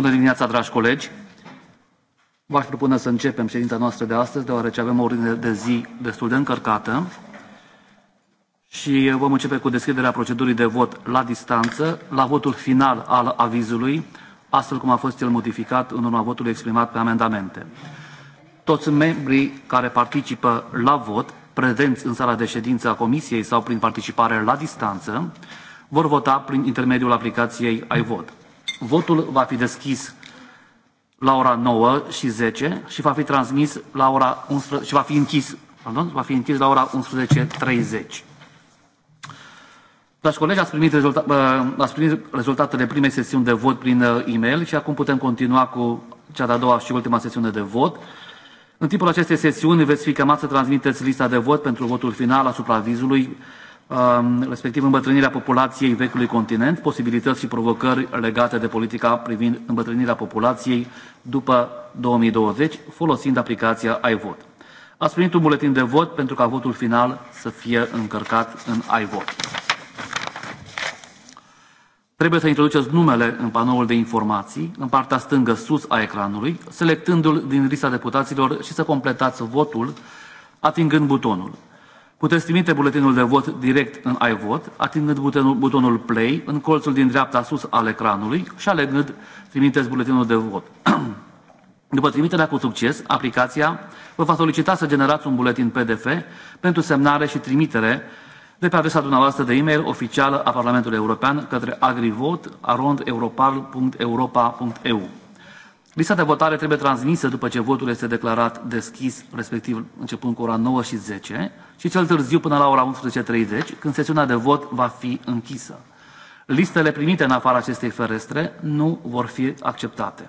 Bună dimineața, dragi colegi! V-aș propune să începem ședința noastră de astăzi, deoarece avem o ordine de zi destul de încărcată și vom începe cu deschiderea procedurii de vot la distanță, la votul final al avizului, astfel cum a fost el modificat în urma votului exprimat pe amendamente. Toți membrii care participă la vot, prezenți în sala de ședință a Comisiei sau prin participare la distanță, vor vota prin intermediul aplicației iVote. Votul va fi deschis la ora 9 și 10 și va fi transmis la ora 11 și va fi închis, pardon, va fi închis la ora 11.30. Dragi colegi, ați primit, rezulta, ați primit rezultatele primei sesiuni de vot prin uh, e-mail și acum putem continua cu cea de-a doua și ultima sesiune de vot. În timpul acestei sesiuni veți fi chemat să transmiteți lista de vot pentru votul final asupra vizului respectiv îmbătrânirea populației vechiului continent, posibilități și provocări legate de politica privind îmbătrânirea populației după 2020, folosind aplicația iVote. Ați primit un buletin de vot pentru ca votul final să fie încărcat în iVote. Trebuie să introduceți numele în panoul de informații, în partea stângă sus a ecranului, selectându-l din lista deputaților și să completați votul atingând butonul. Puteți trimite buletinul de vot direct în iVot, atingând butonul, butonul Play în colțul din dreapta sus al ecranului și alegând Trimiteți buletinul de vot. După trimiterea cu succes, aplicația vă va solicita să generați un buletin PDF pentru semnare și trimitere de pe adresa dumneavoastră de e-mail oficială a Parlamentului European către agrivot.europarl.europa.eu. Lista de votare trebuie transmisă după ce votul este declarat deschis, respectiv începând cu ora 9 și 10, și cel târziu până la ora 11.30, când sesiunea de vot va fi închisă. Listele primite în afara acestei ferestre nu vor fi acceptate.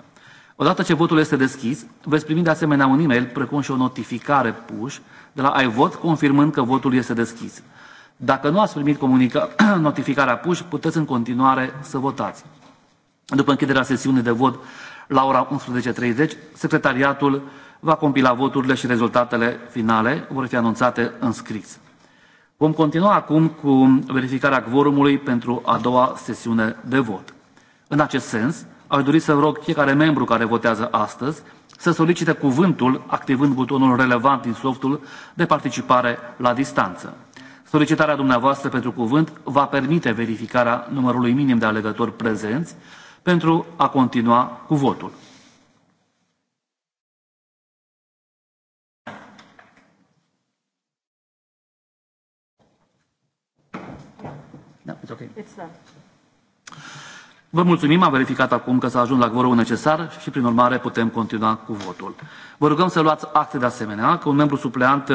Odată ce votul este deschis, veți primi de asemenea un e-mail, precum și o notificare push de la iVot, confirmând că votul este deschis. Dacă nu ați primit comunica- notificarea push, puteți în continuare să votați. După închiderea sesiunii de vot, la ora 11.30, secretariatul va compila voturile și rezultatele finale vor fi anunțate în scris. Vom continua acum cu verificarea quorumului pentru a doua sesiune de vot. În acest sens, aș dori să rog fiecare membru care votează astăzi să solicite cuvântul activând butonul relevant din softul de participare la distanță. Solicitarea dumneavoastră pentru cuvânt va permite verificarea numărului minim de alegători prezenți pentru a continua cu votul. Da, it's okay. It's Vă mulțumim, am verificat acum că s-a ajuns la quorumul necesar și, prin urmare, putem continua cu votul. Vă rugăm să luați acte de asemenea că un membru supleant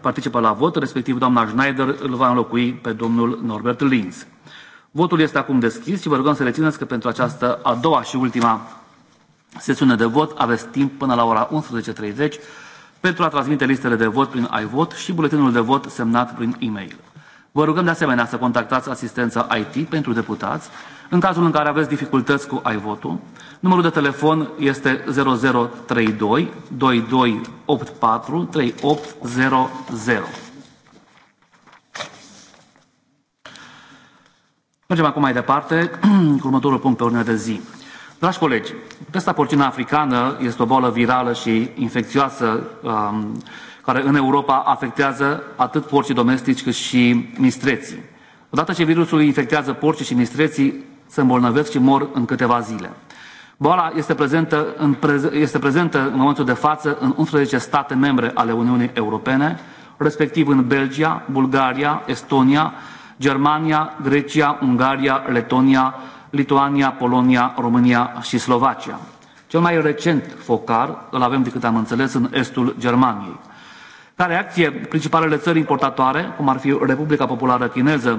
participă la vot, respectiv doamna Schneider îl va înlocui pe domnul Norbert Linz. Votul este acum deschis și vă rugăm să rețineți că pentru această a doua și ultima sesiune de vot aveți timp până la ora 11.30 pentru a transmite listele de vot prin iVot și buletinul de vot semnat prin e-mail. Vă rugăm de asemenea să contactați asistența IT pentru deputați în cazul în care aveți dificultăți cu iVotul. Numărul de telefon este 0032 2284 3800. Mergem acum mai departe cu următorul punct pe ordinea de zi. Dragi colegi, pesta porcină africană este o boală virală și infecțioasă um, care în Europa afectează atât porcii domestici cât și mistreții. Odată ce virusul infectează porcii și mistreții, se îmbolnăvesc și mor în câteva zile. Boala este prezentă în, prez- este prezentă în momentul de față în 11 state membre ale Uniunii Europene, respectiv în Belgia, Bulgaria, Estonia, Germania, Grecia, Ungaria, Letonia, Lituania, Polonia, România și Slovacia. Cel mai recent focar îl avem, de cât am înțeles, în estul Germaniei. Ca reacție, principalele țări importatoare, cum ar fi Republica Populară Chineză,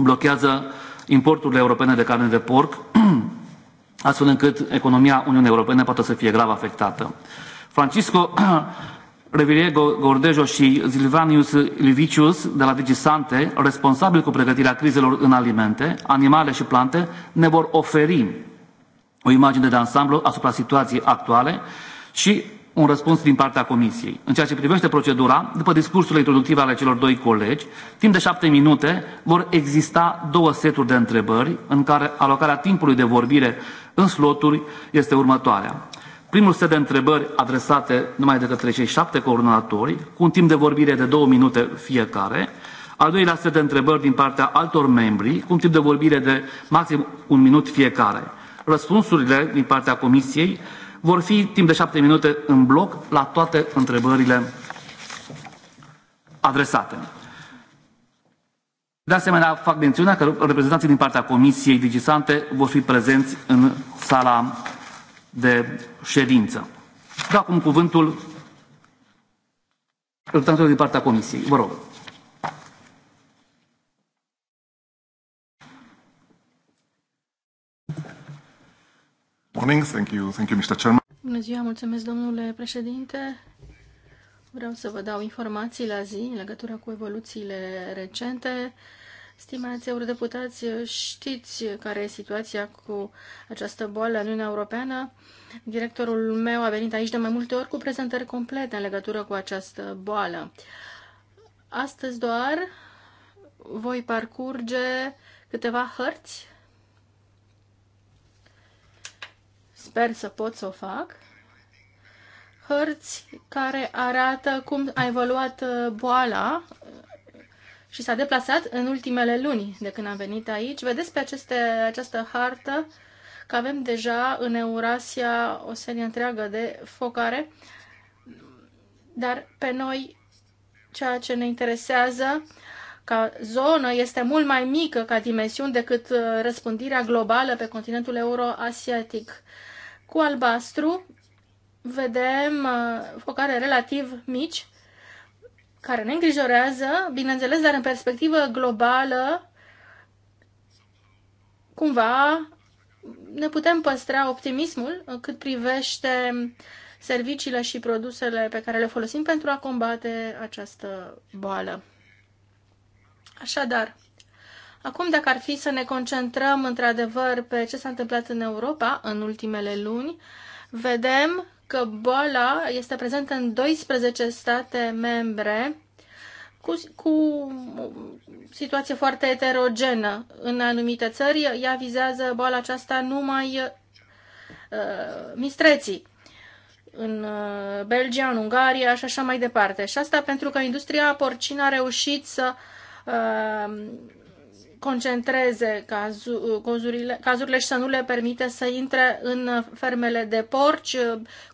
blochează importurile europene de carne de porc, astfel încât economia Uniunii Europene poate să fie grav afectată. Francisco Reviriego Gordejo și zilvanius Livicius de la DigiSante, responsabil cu pregătirea crizelor în alimente, animale și plante, ne vor oferi o imagine de ansamblu asupra situației actuale și un răspuns din partea Comisiei. În ceea ce privește procedura, după discursurile introductive ale celor doi colegi, timp de șapte minute vor exista două seturi de întrebări în care alocarea timpului de vorbire în sloturi este următoarea primul set de întrebări adresate numai de către cei șapte coordonatori, cu un timp de vorbire de două minute fiecare, al doilea set de întrebări din partea altor membri, cu un timp de vorbire de maxim un minut fiecare. Răspunsurile din partea Comisiei vor fi timp de șapte minute în bloc la toate întrebările adresate. De asemenea, fac mențiunea că reprezentanții din partea Comisiei Digisante vor fi prezenți în sala de ședință. Da, acum cuvântul reprezentantului din partea Comisiei. Vă rog. Morning. Thank you. Thank you, Mr. Chairman. Bună ziua, mulțumesc, domnule președinte. Vreau să vă dau informații la zi în legătură cu evoluțiile recente Stimați eurodeputați, știți care e situația cu această boală în Uniunea Europeană. Directorul meu a venit aici de mai multe ori cu prezentări complete în legătură cu această boală. Astăzi doar voi parcurge câteva hărți. Sper să pot să o fac. Hărți care arată cum a evoluat uh, boala și s-a deplasat în ultimele luni de când am venit aici. Vedeți pe aceste, această hartă că avem deja în Eurasia o serie întreagă de focare, dar pe noi ceea ce ne interesează ca zonă este mult mai mică ca dimensiuni decât uh, răspândirea globală pe continentul euroasiatic. Cu albastru vedem uh, focare relativ mici, care ne îngrijorează, bineînțeles, dar în perspectivă globală, cumva ne putem păstra optimismul cât privește serviciile și produsele pe care le folosim pentru a combate această boală. Așadar, acum dacă ar fi să ne concentrăm într-adevăr pe ce s-a întâmplat în Europa în ultimele luni, vedem că boala este prezentă în 12 state membre cu, cu situație foarte eterogenă. În anumite țări, ea vizează boala aceasta numai uh, mistreții în uh, Belgia, în Ungaria și așa mai departe. Și asta pentru că industria porcină a reușit să uh, concentreze cazurile, cazurile și să nu le permite să intre în fermele de porci,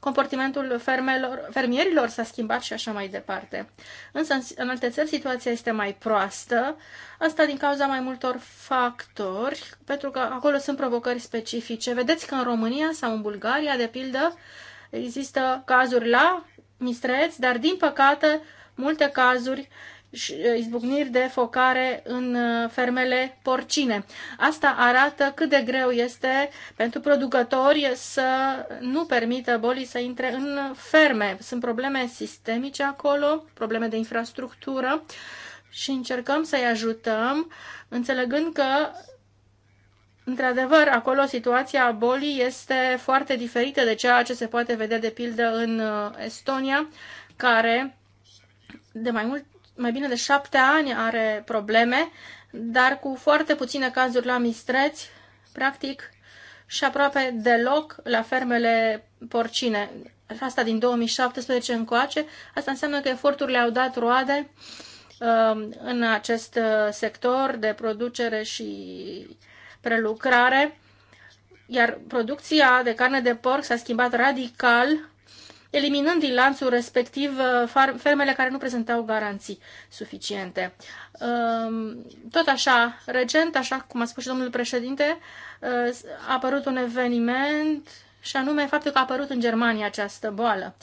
comportamentul fermelor, fermierilor s-a schimbat și așa mai departe. Însă în alte țări situația este mai proastă, asta din cauza mai multor factori, pentru că acolo sunt provocări specifice. Vedeți că în România sau în Bulgaria, de pildă, există cazuri la mistreți, dar din păcate multe cazuri izbucniri de focare în fermele porcine. Asta arată cât de greu este pentru producători să nu permită bolii să intre în ferme. Sunt probleme sistemice acolo, probleme de infrastructură și încercăm să-i ajutăm, înțelegând că Într-adevăr, acolo situația bolii este foarte diferită de ceea ce se poate vedea, de pildă, în Estonia, care de mai mult mai bine de șapte ani are probleme, dar cu foarte puține cazuri la mistreți, practic, și aproape deloc la fermele porcine. Asta din 2017 încoace, asta înseamnă că eforturile au dat roade um, în acest uh, sector de producere și prelucrare, iar producția de carne de porc s-a schimbat radical eliminând din lanțul respectiv uh, fermele care nu prezentau garanții suficiente. Um, tot așa, recent, așa cum a spus și domnul președinte, uh, a apărut un eveniment și anume faptul că a apărut în Germania această boală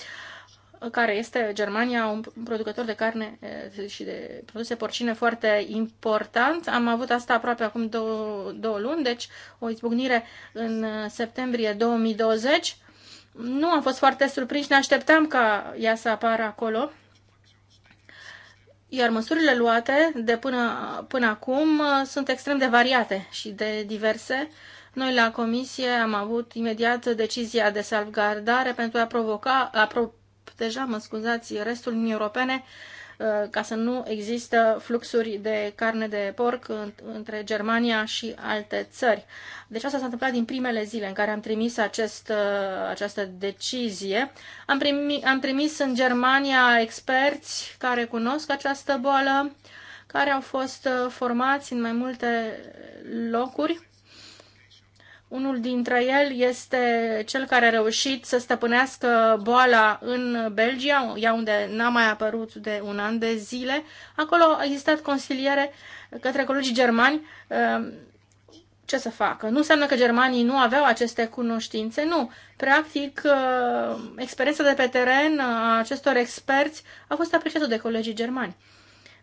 care este Germania, un producător de carne uh, și de produse porcine foarte important. Am avut asta aproape acum două, două luni, deci o izbucnire în septembrie 2020 nu am fost foarte surprinși, ne așteptam ca ea să apară acolo. Iar măsurile luate de până, până acum uh, sunt extrem de variate și de diverse. Noi la comisie am avut imediat decizia de salvgardare pentru a provoca, a deja mă scuzați, restul Uniunii Europene Uh, ca să nu există fluxuri de carne de porc între Germania și alte țări. Deci asta s-a întâmplat din primele zile în care am trimis acest, uh, această decizie. Am, primi, am trimis în Germania experți care cunosc această boală, care au fost uh, formați în mai multe locuri unul dintre el este cel care a reușit să stăpânească boala în Belgia, ea unde n-a mai apărut de un an de zile. Acolo a existat consiliere către colegii germani. Ehm, ce să facă? Nu înseamnă că germanii nu aveau aceste cunoștințe, nu. Practic, ehm, experiența de pe teren a acestor experți a fost apreciată de colegii germani.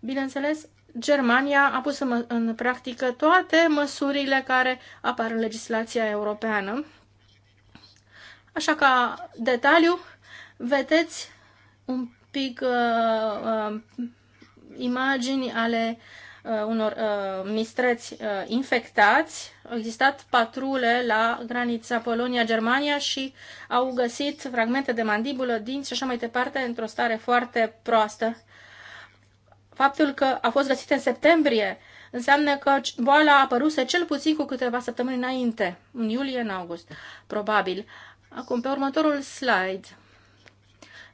Bineînțeles, Germania a pus în, în practică toate măsurile care apar în legislația europeană. Așa ca detaliu, vedeți un pic uh, uh, imagini ale uh, unor uh, mistreți uh, infectați. Au existat patrule la granița Polonia-Germania și au găsit fragmente de mandibulă, dinți și așa mai departe într-o stare foarte proastă. Faptul că a fost găsit în septembrie înseamnă că boala a apăruse cel puțin cu câteva săptămâni înainte, în iulie, în august, probabil. Acum, pe următorul slide,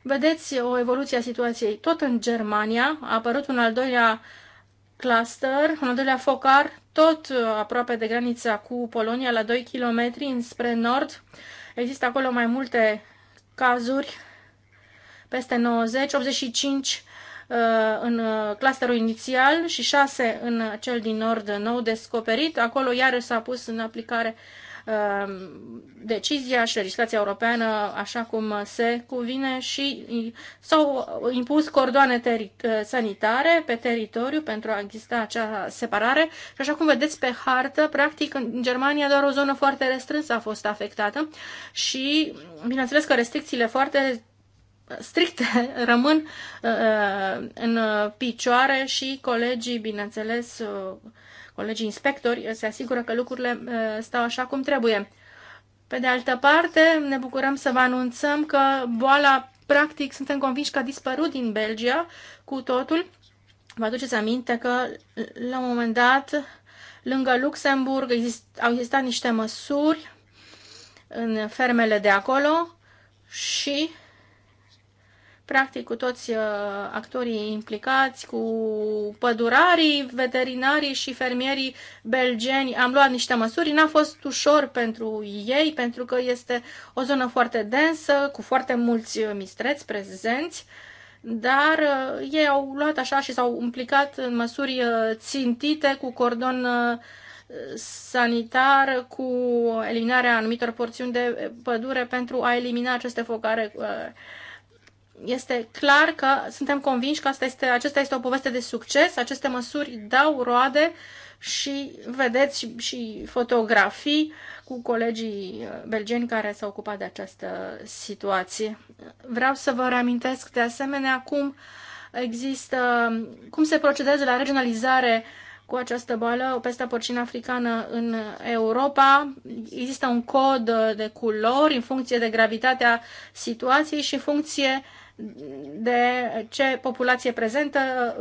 vedeți o evoluție a situației. Tot în Germania a apărut un al doilea cluster, un al doilea focar, tot aproape de granița cu Polonia, la 2 km spre nord. Există acolo mai multe cazuri, peste 90, 85 Uh, în uh, clusterul inițial și 6 în cel din nord nou descoperit. Acolo iarăși s-a pus în aplicare uh, decizia și legislația europeană așa cum se cuvine și s-au impus cordoane sanitare pe teritoriu pentru a exista acea separare și așa cum vedeți pe hartă, practic în Germania doar o zonă foarte restrânsă a fost afectată și bineînțeles că restricțiile foarte stricte rămân uh, uh, în picioare și colegii, bineînțeles, uh, colegii inspectori se asigură că lucrurile stau așa cum trebuie. Pe de altă parte, ne bucurăm să vă anunțăm că boala, practic, suntem convinși că a dispărut din Belgia cu totul. Vă aduceți aminte că, la un moment dat, lângă Luxemburg exist, au existat niște măsuri în fermele de acolo și practic cu toți uh, actorii implicați, cu pădurarii, veterinarii și fermierii belgeni. Am luat niște măsuri, n-a fost ușor pentru ei, pentru că este o zonă foarte densă, cu foarte mulți uh, mistreți prezenți, dar uh, ei au luat așa și s-au implicat în măsuri țintite cu cordon sanitar cu eliminarea anumitor porțiuni de pădure pentru a elimina aceste focare este clar că suntem convinși că asta este, acesta este o poveste de succes, aceste măsuri dau roade și vedeți și, și fotografii cu colegii uh, belgeni care s-au ocupat de această situație. Vreau să vă reamintesc de asemenea cum există, cum se procedează la regionalizare cu această boală, pesta porcină africană în Europa. Există un cod uh, de culori în funcție de gravitatea situației și în funcție de ce populație prezentă,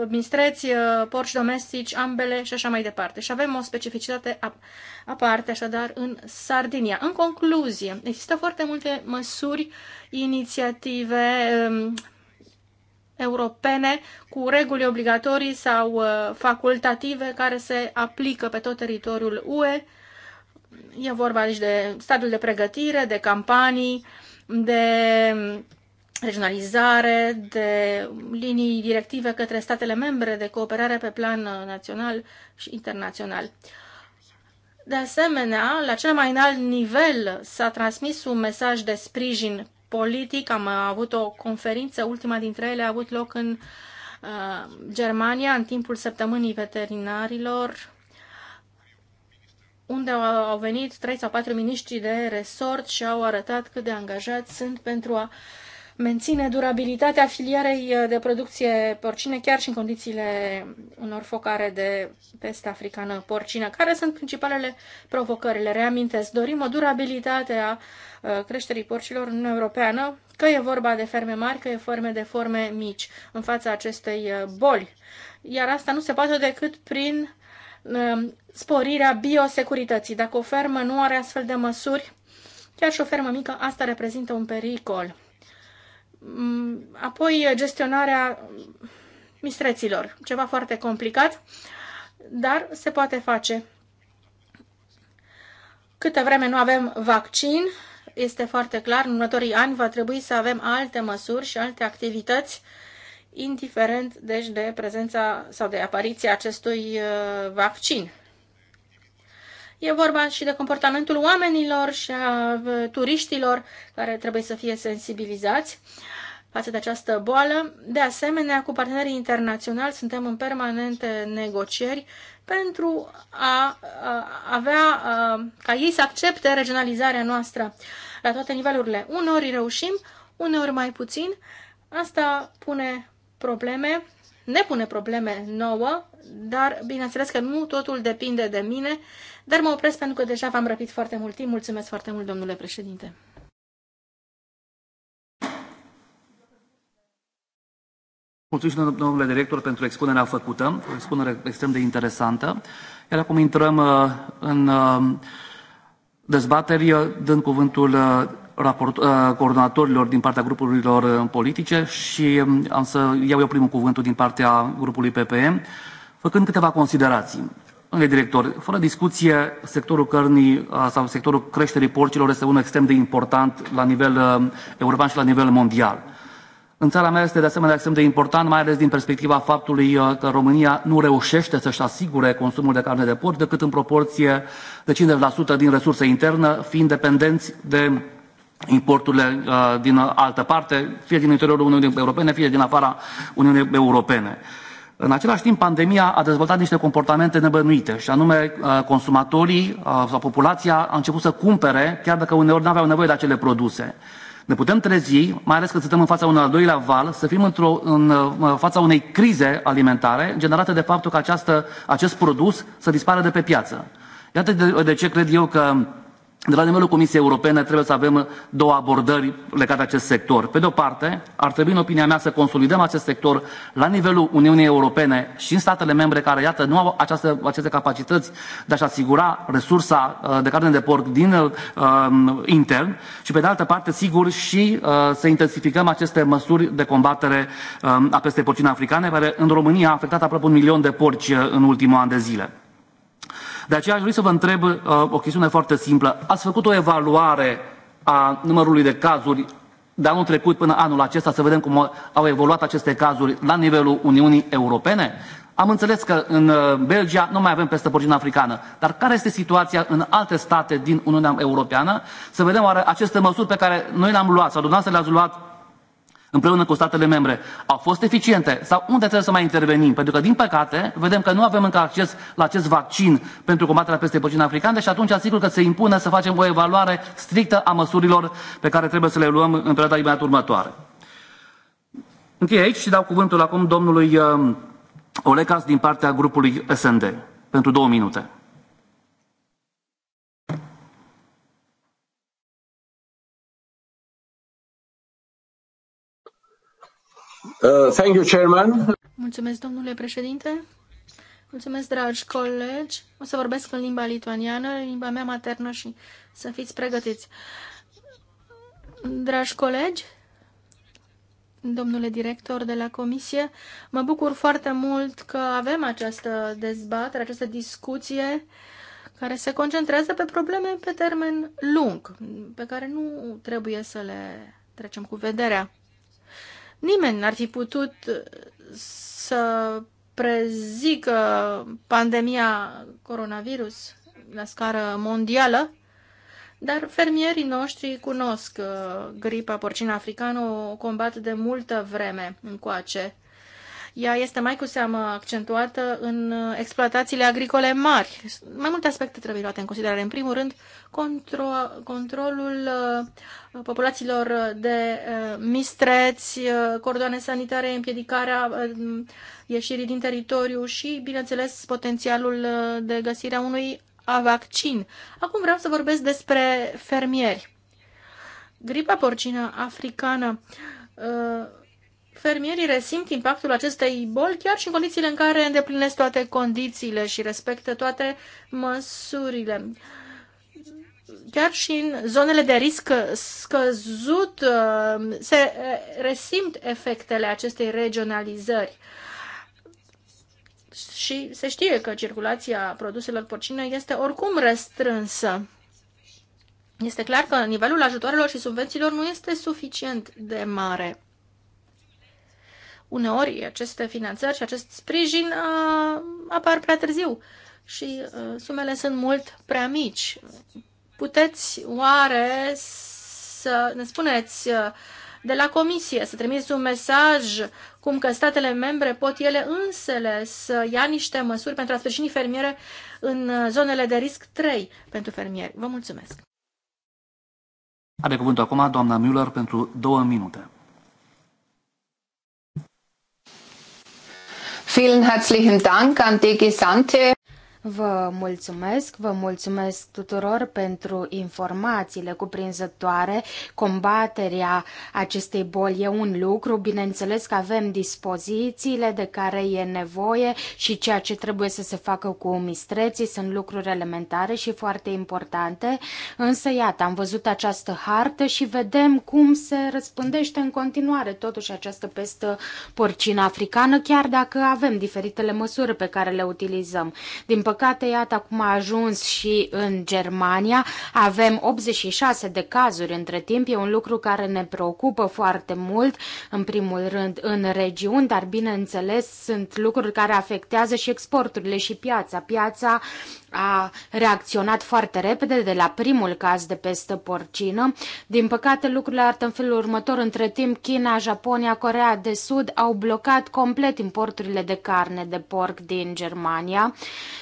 mistreți, uh, porci domestici, ambele și așa mai departe. Și avem o specificitate aparte, așadar, în Sardinia. În concluzie, există foarte multe măsuri, inițiative um, europene cu reguli obligatorii sau uh, facultative care se aplică pe tot teritoriul UE. E vorba aici de stadiul de pregătire, de campanii, de um, regionalizare, de linii directive către statele membre, de cooperare pe plan uh, național și internațional. De asemenea, la cel mai înalt nivel s-a transmis un mesaj de sprijin politic. Am uh, avut o conferință, ultima dintre ele a avut loc în uh, Germania, în timpul săptămânii veterinarilor, unde au venit trei sau patru miniștri de resort și au arătat cât de angajați sunt pentru a uh, menține durabilitatea filierei uh, de producție porcine chiar și în condițiile unor focare de peste africană porcină. Care sunt principalele provocări? Le reamintesc. Dorim o durabilitate a uh, creșterii porcilor în Uniunea Europeană, că e vorba de ferme mari, că e forme de forme mici în fața acestei uh, boli. Iar asta nu se poate decât prin sporirea biosecurității. Dacă o fermă nu are astfel de măsuri, chiar și o fermă mică, asta reprezintă un pericol Mm, apoi uh, gestionarea mistreților, ceva foarte complicat, dar se poate face. Câte vreme nu avem vaccin, este foarte clar, în următorii ani va trebui să avem alte măsuri și alte activități, indiferent deci de prezența sau de apariția acestui uh, vaccin. E vorba și de comportamentul oamenilor și a turiștilor care trebuie să fie sensibilizați față de această boală. De asemenea, cu partenerii internaționali suntem în permanente negocieri pentru a, avea, ca ei să accepte regionalizarea noastră la toate nivelurile. Uneori reușim, uneori mai puțin. Asta pune probleme, ne pune probleme nouă, dar bineînțeles că nu totul depinde de mine, dar mă opresc pentru că deja v-am răpit foarte mult timp. Mulțumesc foarte mult, domnule președinte. Mulțumesc domnule director, pentru expunerea făcută, o expunere extrem de interesantă. Iar acum intrăm uh, în uh, dezbateri, uh, dând cuvântul raport, coordonatorilor din partea grupurilor politice și um, am să iau eu primul cuvântul din partea grupului PPM, făcând câteva considerații. Domnule director, fără discuție, sectorul cărnii sau sectorul creșterii porcilor este unul extrem de important la nivel european și la nivel mondial. În țara mea este de asemenea extrem de important, mai ales din perspectiva faptului că România nu reușește să-și asigure consumul de carne de porc decât în proporție de 50% din resurse internă, fiind dependenți de importurile din altă parte, fie din interiorul Uniunii Europene, fie din afara Uniunii Europene. În același timp, pandemia a dezvoltat niște comportamente nebănuite, și anume uh, consumatorii uh, sau populația a început să cumpere, chiar dacă uneori nu aveau nevoie de acele produse. Ne putem trezi, mai ales când suntem în fața unui al doilea val, să fim uh, în fața unei crize alimentare generate de faptul că această, acest produs să dispară de pe piață. Iată de, de ce cred eu că de la nivelul comisiei europene trebuie să avem două abordări legate de acest sector pe de o parte ar trebui în opinia mea să consolidăm acest sector la nivelul uniunii europene și în statele membre care iată nu au această, aceste capacități de a și asigura resursa uh, de carne de porc din uh, um, intern și pe de altă parte sigur și uh, să intensificăm aceste măsuri de combatere uh, a pestei porcine africane care în România a afectat aproape un milion de porci uh, în ultimul an de zile de aceea aș vrea să vă întreb uh, o chestiune foarte simplă ați făcut o evaluare a numărului de cazuri de anul trecut până anul acesta să vedem cum au evoluat aceste cazuri la nivelul Uniunii Europene? Am înțeles că în uh, Belgia nu mai avem peste porcina africană, dar care este situația în alte state din Uniunea Europeană? Să vedem oare aceste măsuri pe care noi le-am luat sau dumneavoastră le-ați luat împreună cu statele membre au fost eficiente sau unde trebuie să mai intervenim? Pentru că, din păcate, vedem că nu avem încă acces la acest vaccin pentru combaterea peste păcine africană și atunci asigur că se impune să facem o evaluare strictă a măsurilor pe care trebuie să le luăm în perioada imediat următoare. Închei aici și dau cuvântul acum domnului uh, Olecas din partea grupului SND pentru două minute. Uh, thank you, Chairman. Mulțumesc, domnule președinte. Mulțumesc, dragi colegi. O să vorbesc în limba lituaniană, limba mea maternă și să fiți pregătiți. Dragi colegi, domnule director de la comisie, mă bucur foarte mult că avem această dezbatere, această discuție care se concentrează pe probleme pe termen lung, pe care nu trebuie să le trecem cu vederea. Nimeni n-ar fi putut uh, să prezică pandemia coronavirus la scară mondială, dar fermierii noștri cunosc uh, gripa porcină africană, o combat de multă vreme încoace. Ea este mai cu seamă accentuată în uh, exploatațiile agricole mari. Mai multe aspecte trebuie luate în considerare. În primul rând, contro- controlul uh, populațiilor de uh, mistreți, cordoane sanitare, împiedicarea ieșirii din teritoriu și, bineînțeles, potențialul de găsire a unui vaccin. Acum vreau să vorbesc despre fermieri. Gripa porcină africană fermierii resimt impactul acestei boli chiar și în condițiile în care îndeplinesc toate condițiile și respectă toate măsurile. Chiar și în zonele de risc scăzut uh, se uh, resimt efectele acestei regionalizări. Și se știe că circulația produselor porcine este oricum restrânsă. Este clar că nivelul ajutoarelor și subvențiilor nu este suficient de mare uneori aceste finanțări și acest sprijin uh, apar prea târziu și uh, sumele sunt mult prea mici. Puteți oare să ne spuneți uh, de la Comisie, să trimiți un mesaj cum că statele membre pot ele însele să ia niște măsuri pentru a sprijini fermiere în uh, zonele de risc 3 pentru fermieri. Vă mulțumesc! Are cuvântul acum doamna Müller pentru două minute. Vielen herzlichen Dank an die gesamte Vă mulțumesc, vă mulțumesc tuturor pentru informațiile cuprinzătoare. Combaterea acestei boli e un lucru, bineînțeles că avem dispozițiile de care e nevoie și ceea ce trebuie să se facă cu mistreții sunt lucruri elementare și foarte importante, însă iată, am văzut această hartă și vedem cum se răspândește în continuare totuși această pestă porcină africană, chiar dacă avem diferitele măsuri pe care le utilizăm. Din păcate, iată acum a ajuns și în Germania. Avem 86 de cazuri între timp. E un lucru care ne preocupă foarte mult, în primul rând, în regiuni, dar bineînțeles sunt lucruri care afectează și exporturile și piața. Piața a reacționat foarte repede de la primul caz de peste porcină. Din păcate, lucrurile arată în felul următor. Între timp, China, Japonia, Corea de Sud au blocat complet importurile de carne de porc din Germania.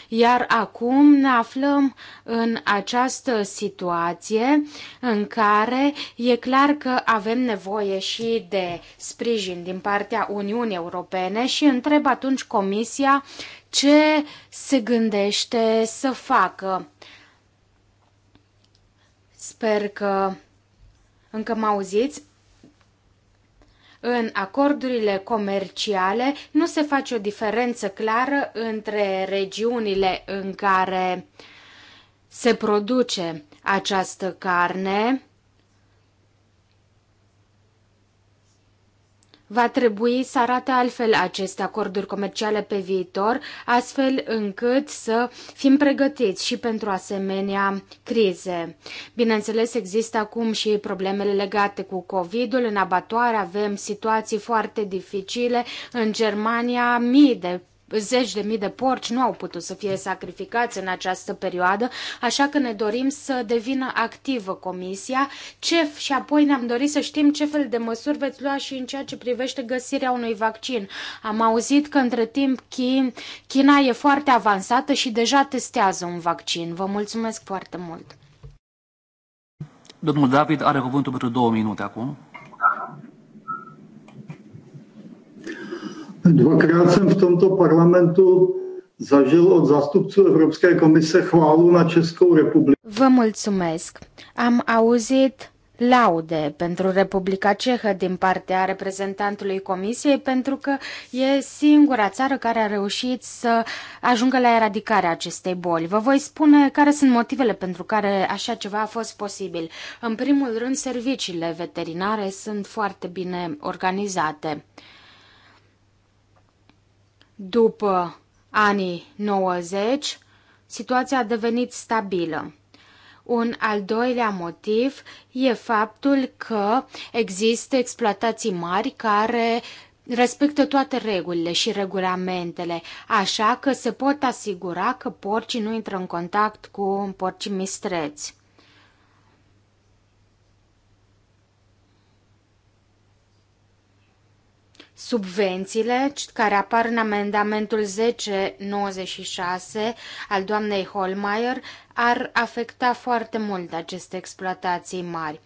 Iar acum ne aflăm în această situație în care e clar că avem nevoie și de sprijin din partea Uniunii Europene și întreb atunci Comisia ce se gândește să facă. Sper că încă mă auziți. În acordurile comerciale nu se face o diferență clară între regiunile în care se produce această carne Va trebui să arate altfel aceste acorduri comerciale pe viitor, astfel încât să fim pregătiți și pentru asemenea crize. Bineînțeles, există acum și problemele legate cu COVID-ul. În abatoare avem situații foarte dificile. În Germania, mii de zeci de mii de porci nu au putut să fie sacrificați în această perioadă, așa că ne dorim să devină activă comisia. Ce, și apoi ne-am dorit să știm ce fel de măsuri veți lua și în ceea ce privește găsirea unui vaccin. Am auzit că între timp China e foarte avansată și deja testează un vaccin. Vă mulțumesc foarte mult! Domnul David are cuvântul pentru două minute acum. Dvakrát jsem v tomto parlamentu zažil od zastupců Evropské komise chválu na Českou republiku. Vă mulțumesc. Am auzit laude pentru Republica Cehă din partea reprezentantului Comisiei pentru că e singura țară care a reușit să ajungă la eradicarea acestei boli. Vă voi spune care sunt motivele pentru care așa ceva a fost posibil. În primul rând, serviciile veterinare sunt foarte bine organizate. După anii 90, situația a devenit stabilă. Un al doilea motiv e faptul că există exploatații mari care respectă toate regulile și regulamentele, așa că se pot asigura că porcii nu intră în contact cu porcii mistreți. subvențiile care apar în amendamentul 1096 al doamnei Holmeier ar afecta foarte mult aceste exploatații mari.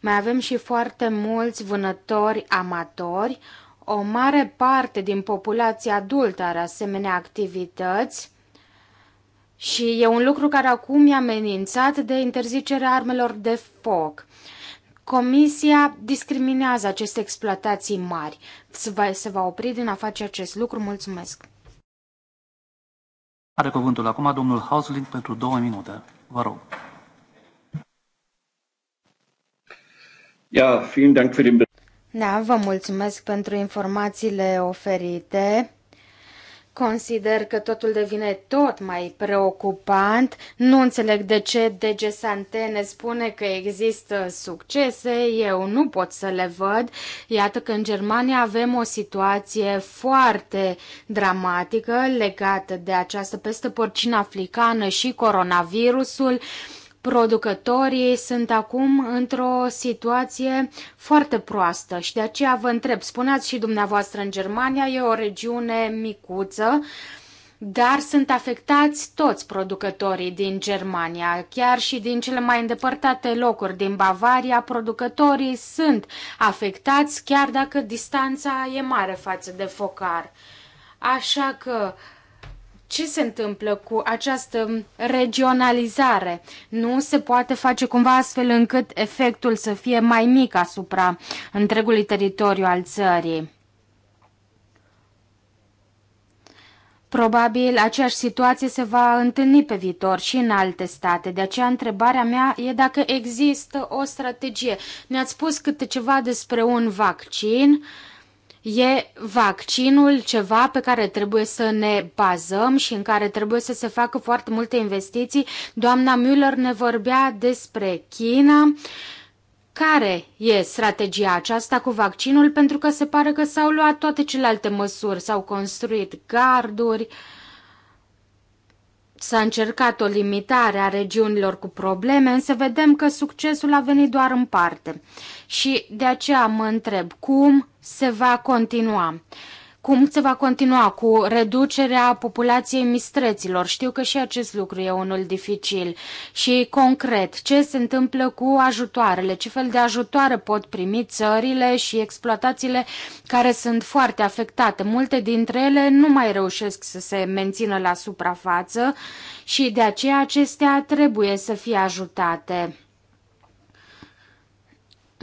Mai avem și foarte mulți vânători amatori, o mare parte din populația adultă are asemenea activități și e un lucru care acum e amenințat de interzicerea armelor de foc. Comisia discriminează aceste exploatații mari. Se va, se va opri din a face acest lucru. Mulțumesc! Are cuvântul acum domnul Hausling pentru două minute. Vă rog. Ja, vielen Dank für den... Da, vă mulțumesc pentru informațiile oferite. Consider că totul devine tot mai preocupant. Nu înțeleg de ce DG Sante ne spune că există succese, eu nu pot să le văd. Iată că în Germania avem o situație foarte dramatică legată de această peste porcină africană și coronavirusul producătorii sunt acum într-o situație foarte proastă și de aceea vă întreb, spuneați și dumneavoastră în Germania, e o regiune micuță, dar sunt afectați toți producătorii din Germania, chiar și din cele mai îndepărtate locuri din Bavaria, producătorii sunt afectați chiar dacă distanța e mare față de focar. Așa că ce se întâmplă cu această regionalizare? Nu se poate face cumva astfel încât efectul să fie mai mic asupra întregului teritoriu al țării? Probabil aceeași situație se va întâlni pe viitor și în alte state, de aceea întrebarea mea e dacă există o strategie. Ne-ați spus câte ceva despre un vaccin, uh, E vaccinul ceva pe care trebuie să ne bazăm și în care trebuie să se facă foarte multe investiții. Doamna Müller ne vorbea despre China. Care e strategia aceasta cu vaccinul? Pentru că se pare că s-au luat toate celelalte măsuri, s-au construit garduri, uh, S-a încercat o limitare a regiunilor cu probleme, însă vedem că succesul a venit doar în parte. Și de aceea mă întreb cum se va continua cum se va continua cu reducerea populației mistreților? Știu că și acest lucru e unul dificil. Și concret, ce se întâmplă cu ajutoarele? Ce fel de ajutoare pot primi țările și exploatațiile care sunt foarte afectate? Multe dintre ele nu mai reușesc să se mențină la suprafață și de aceea acestea trebuie să fie ajutate.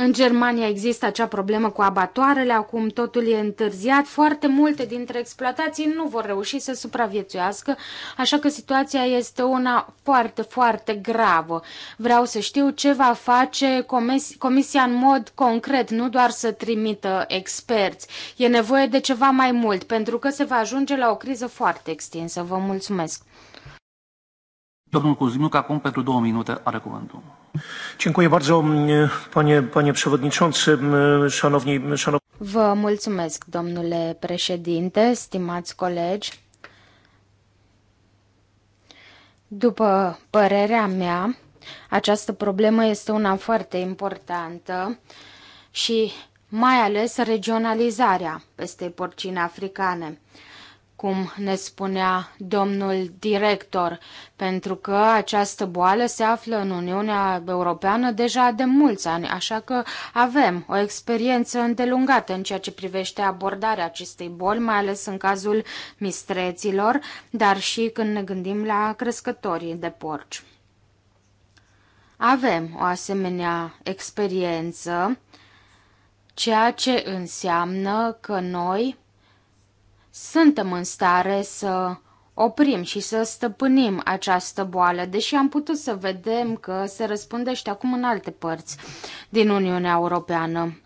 În Germania există acea problemă cu abatoarele, acum totul e întârziat, foarte multe dintre exploatații nu vor reuși să supraviețuiască, așa că situația este una foarte, foarte gravă. Vreau să știu ce va face comis Comisia în mod concret, nu doar să trimită experți. E nevoie de ceva mai mult, pentru că se va ajunge la o criză foarte extinsă. Vă mulțumesc! Domnul Cuzmiuc, acum pentru două minute are cuvântul. Dziękuję bardzo, panie, panie przewodniczący, szanowni, szanowni... Vă mulțumesc, domnule președinte, stimați colegi. După părerea mea, această problemă este una foarte importantă și mai ales regionalizarea peste porcine africane cum ne spunea domnul director, pentru că această boală se află în Uniunea Europeană deja de mulți ani, așa că avem o experiență îndelungată în ceea ce privește abordarea acestei boli, mai ales în cazul mistreților, dar și când ne gândim la crescătorii de porci. Avem o asemenea experiență, ceea ce înseamnă că noi suntem în stare să oprim și să stăpânim această boală, deși am putut să vedem că se răspundește acum în alte părți din Uniunea Europeană.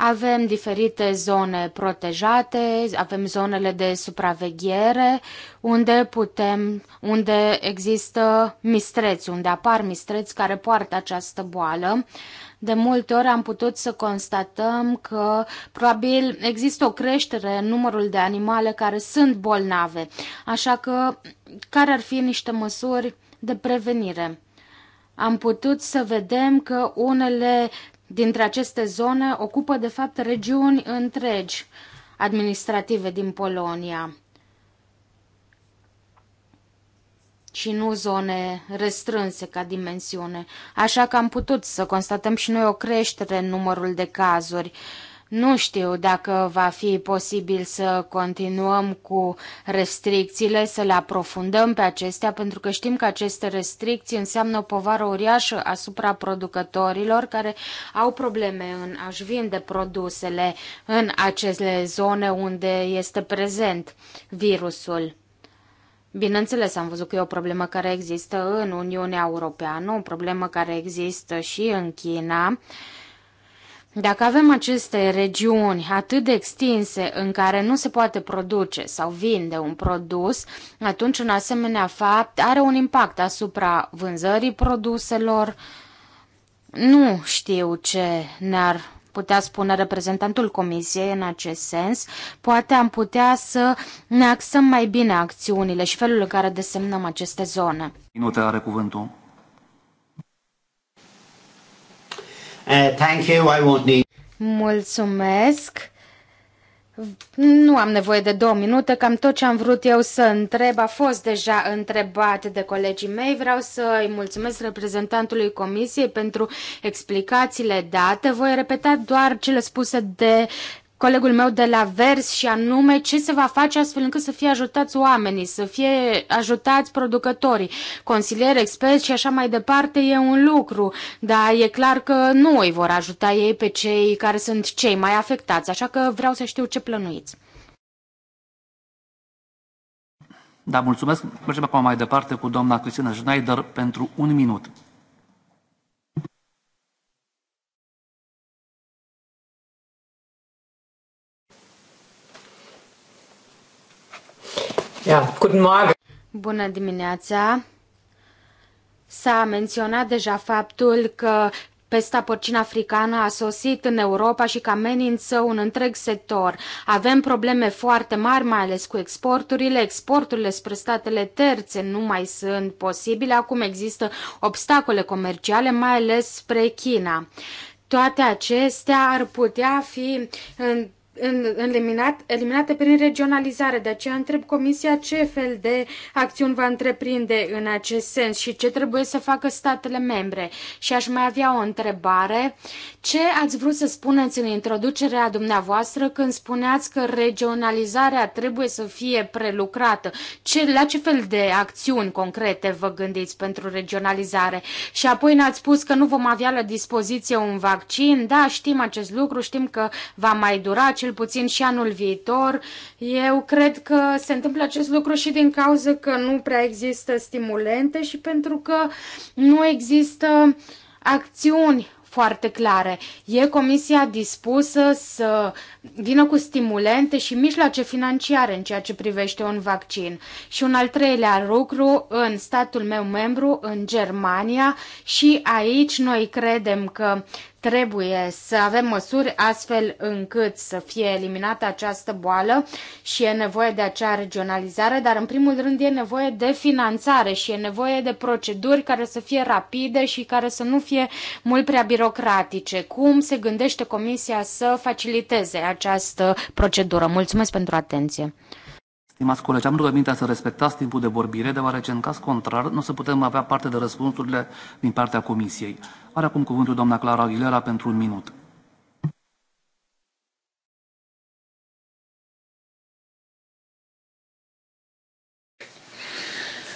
Avem diferite zone protejate, avem zonele de supraveghere unde putem, unde există mistreți, unde apar mistreți care poartă această boală. De multe ori am putut să constatăm că probabil există o creștere în numărul de animale care sunt bolnave. Așa că care ar fi niște măsuri de prevenire? Am putut să vedem că unele dintre aceste zone ocupă de fapt regiuni întregi administrative din Polonia. și nu zone restrânse ca dimensiune. Așa că am putut să constatăm și noi o creștere în numărul de cazuri. Nu știu dacă va fi posibil să continuăm cu restricțiile, să le aprofundăm pe acestea, pentru că știm că aceste restricții înseamnă o povară uriașă asupra producătorilor care au probleme în a-și vinde produsele în acele zone unde este prezent virusul. Bineînțeles, am văzut că e o problemă care există în Uniunea Europeană, o problemă care există și în China. Dacă avem aceste regiuni atât de extinse în care nu se poate produce sau vinde un produs, atunci un asemenea fapt are un impact asupra vânzării produselor. Nu știu ce ne-ar putea spune reprezentantul Comisiei în acest sens. Poate am putea să ne axăm mai bine acțiunile și felul în care desemnăm aceste zone. Minute are cuvântul. Uh, thank you. I won't need... Mulțumesc. Nu am nevoie de două minute, cam tot ce am vrut eu să întreb a fost deja întrebat de colegii mei. Vreau să îi mulțumesc reprezentantului Comisiei pentru explicațiile date. Voi repeta doar cele spuse de colegul meu de la Vers și anume ce se va face astfel încât să fie ajutați oamenii, să fie ajutați producătorii, consilieri, experți și așa mai departe e un lucru, dar e clar că nu îi vor ajuta ei pe cei care sunt cei mai afectați, așa că vreau să știu ce plănuiți. Da, mulțumesc. Mergem acum mai departe cu doamna Cristina Schneider pentru un minut. Yeah. Guten Morgen. Bună dimineața! S-a menționat deja faptul că Pesta porcină africană a sosit în Europa și că amenință un întreg sector. Avem probleme foarte mari, mai ales cu exporturile. Exporturile spre statele terțe nu mai sunt posibile. Acum există obstacole comerciale, mai ales spre China. Toate acestea ar putea fi eliminat, eliminate prin regionalizare. De aceea întreb Comisia ce fel de acțiuni va întreprinde în acest sens și ce trebuie să facă statele membre. Și aș mai avea o întrebare. Ce ați vrut să spuneți în introducerea dumneavoastră când spuneați că regionalizarea trebuie să fie prelucrată? Ce, la ce fel de acțiuni concrete vă gândiți pentru regionalizare? Și apoi ne-ați spus că nu vom avea la dispoziție un vaccin. Da, știm acest lucru, știm că va mai dura cel cel puțin și anul viitor. Eu cred că se întâmplă acest lucru și din cauza că nu prea există stimulente și pentru că nu există acțiuni foarte clare. E comisia dispusă să vină cu stimulente și mijloace financiare în ceea ce privește un vaccin. Și un al treilea lucru, în statul meu membru, în Germania, și aici noi credem că Trebuie să avem măsuri astfel încât să fie eliminată această boală și e nevoie de acea regionalizare, dar în primul rând e nevoie de finanțare și e nevoie de proceduri care să fie rapide și care să nu fie mult prea birocratice. Cum se gândește Comisia să faciliteze această procedură? Mulțumesc pentru atenție! Stimați colegi, am rugămintea să respectați timpul de vorbire, deoarece în caz contrar nu o să putem avea parte de răspunsurile din partea Comisiei. Are acum cuvântul doamna Clara Aguilera pentru un minut.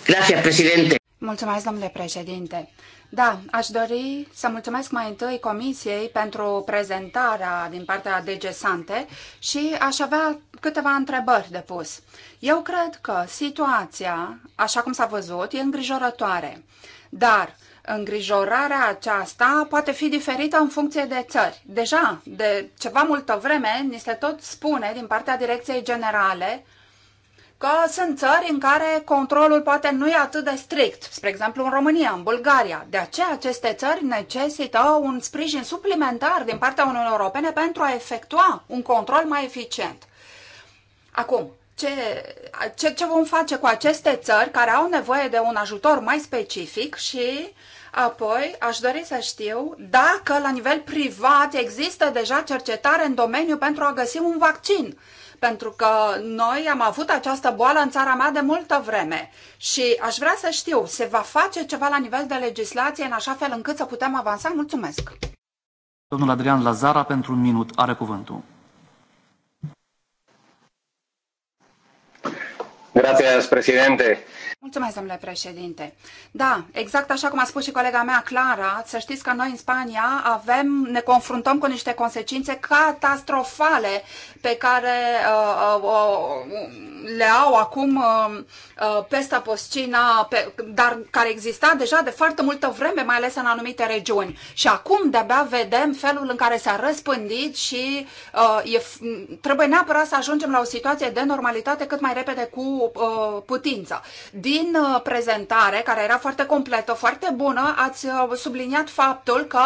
Gracias, presidente. Mulțumesc, domnule președinte. Da, aș dori să mulțumesc mai întâi Comisiei pentru prezentarea din partea DG Sante și aș avea câteva întrebări de pus. Eu cred că situația, așa cum s-a văzut, e îngrijorătoare, dar îngrijorarea aceasta poate fi diferită în funcție de țări. Deja, de ceva multă vreme, ni se tot spune din partea Direcției Generale că sunt țări în care controlul poate nu e atât de strict, spre exemplu în România, în Bulgaria. De aceea aceste țări necesită un sprijin suplimentar din partea Uniunii Europene pentru a efectua un control mai eficient. Acum, ce, ce, ce vom face cu aceste țări care au nevoie de un ajutor mai specific și Apoi, aș dori să știu dacă la nivel privat există deja cercetare în domeniu pentru a găsi un vaccin pentru că noi am avut această boală în țara mea de multă vreme și aș vrea să știu, se va face ceva la nivel de legislație în așa fel încât să putem avansa? Mulțumesc! Domnul Adrian Lazara, pentru un minut, are cuvântul. Gracias, presidente. Mulțumesc, domnule președinte. Da, exact așa cum a spus și colega mea, Clara, să știți că noi în Spania avem, ne confruntăm cu niște consecințe catastrofale pe care uh, uh, uh, le au acum uh, uh, pesta poscina, pe, dar care exista deja de foarte multă vreme, mai ales în anumite regiuni. Și acum de-abia vedem felul în care s-a răspândit și uh, e, trebuie neapărat să ajungem la o situație de normalitate cât mai repede cu uh, putință. Din din uh, prezentare, care era foarte completă, foarte bună, ați uh, subliniat faptul că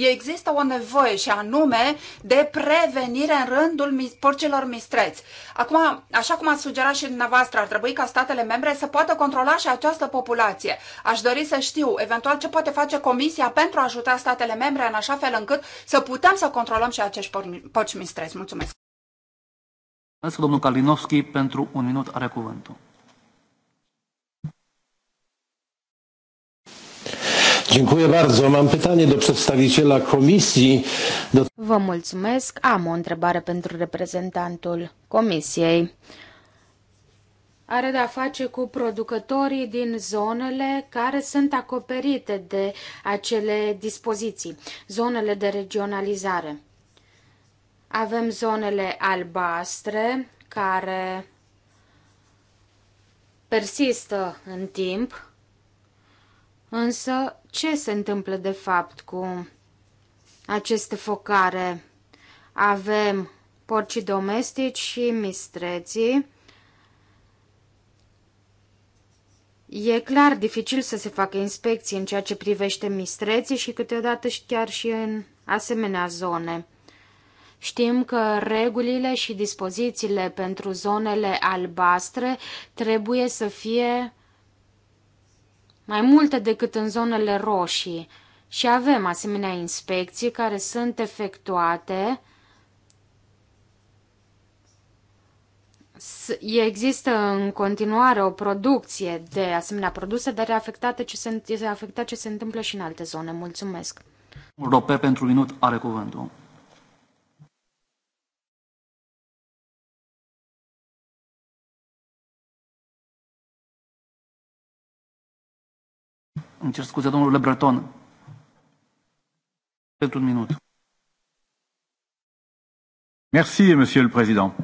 există o nevoie și anume de prevenire în rândul porcilor mistreți. Acum, așa cum ați sugerat și dumneavoastră, ar trebui ca statele membre să poată controla și această populație. Aș dori să știu, eventual, ce poate face Comisia pentru a ajuta statele membre în așa fel încât să putem să controlăm și acești porci mistreți. Mulțumesc! Mulțumesc, domnul Kalinowski, pentru un minut are cuvântul. Dziękuję bardzo. Mam pytanie do przedstawiciela Komisji. Do... Vă mulțumesc. Am o întrebare pentru reprezentantul Comisiei. Are de-a face cu producătorii din zonele care sunt acoperite de acele dispoziții, zonele de regionalizare. Avem zonele albastre care persistă în timp, însă ce se întâmplă de fapt cu aceste focare. Avem porcii domestici și mistreții. E clar dificil să se facă inspecții în ceea ce privește mistreții și câteodată chiar și în asemenea zone. Știm că regulile și dispozițiile pentru zonele albastre trebuie să fie mai multe decât în zonele roșii și avem asemenea inspecții care sunt efectuate Există în continuare o producție de asemenea produse, dar e afectată ce se, e afectat ce se întâmplă și în alte zone. Mulțumesc. Rope pentru minut are cuvântul. Îmi cer scuze, domnul Le Breton. Pentru un minut. Merci, monsieur le président.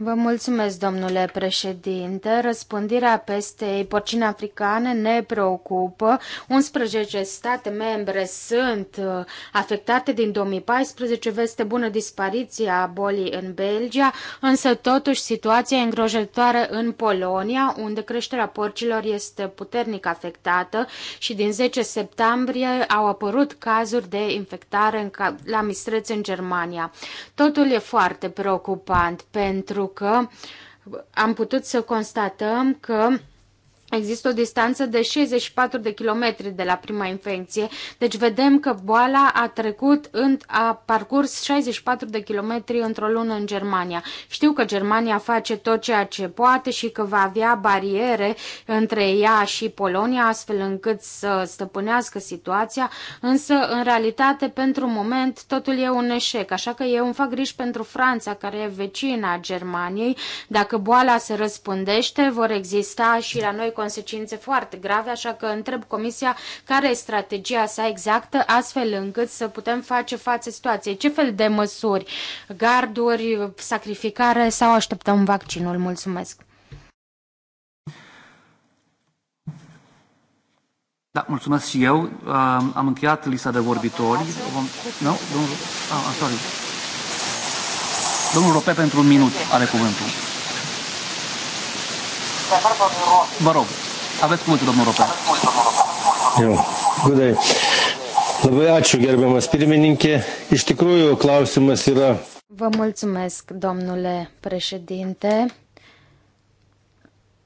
Vă mulțumesc, domnule președinte. Răspândirea pestei porcine africane ne preocupă. 11 state membre sunt uh, afectate din 2014. Veste bună dispariția bolii în Belgia, însă totuși situația e îngrojătoare în Polonia, unde creșterea porcilor este puternic afectată și din 10 septembrie au apărut cazuri de infectare la mistrețe în Germania. Totul e foarte preocupant pentru că am putut să constatăm că Există o distanță de 64 de kilometri de la prima infecție, deci vedem că boala a trecut, în, a parcurs 64 de kilometri într-o lună în Germania. Știu că Germania face tot ceea ce poate și că va avea bariere între ea și Polonia, astfel încât să stăpânească situația, însă, în realitate, pentru moment, totul e un eșec, așa că eu îmi fac griji pentru Franța, care e vecina Germaniei. Dacă boala se răspândește, vor exista și la noi consecințe foarte grave, așa că întreb Comisia care e strategia sa exactă, astfel încât să putem face față situației. Ce fel de măsuri? Garduri, sacrificare sau așteptăm vaccinul? Mulțumesc! Da, mulțumesc și eu. am încheiat lista de vorbitori. Vom... No? Domnul... Ah, ah, sorry. Domnul Rope pentru un minut are cuvântul. Vă rog, aveți cuvântul, domnul Rope. Jo, gudai. Labai ačiū, gerbiamas pirmininkė. Iš tikrųjų, klausimas yra. Vă mulțumesc, domnule președinte.